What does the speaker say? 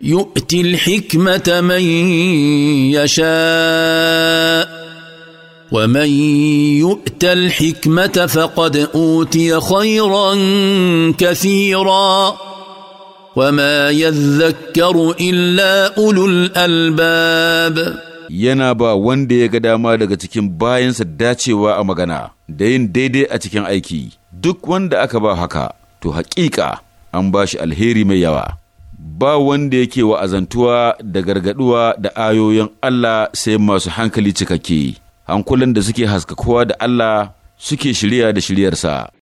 يؤتي الحكمه من يشاء ومن يؤت الحكمه فقد اوتي خيرا كثيرا وما يذكر الا اولو الالباب yana ba wanda ya ga dama daga cikin bayansa dacewa a magana da yin daidai a cikin aiki duk wanda aka ba haka to haƙiƙa an ba shi alheri mai yawa ba wanda yake wa'azantuwa da gargaduwa da ayoyin Allah sai masu hankali cikakke, hankulan da suke haskakuwa da Allah suke shirya da shiryarsa.